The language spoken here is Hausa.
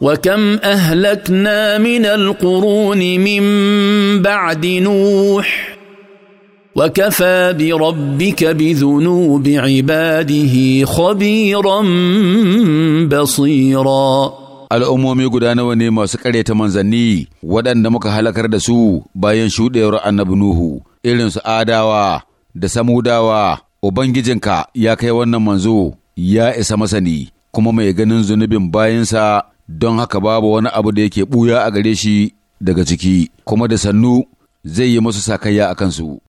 وكم اهلكنا من القرون من بعد نوح وكفى بربك بذنوب عباده خبيرا بصيرا al'ummomi guda nawa ne masu ƙaryata manzanni waɗanda muka halakar da su bayan shuɗewar annabi Nuhu, irinsu adawa da samudawa, Ubangijinka ya kai wannan manzo ya isa masani kuma mai ganin zunubin bayansa don haka babu wani abu da yake buya a gare shi daga ciki, kuma da sannu zai yi musu sakayya a kansu.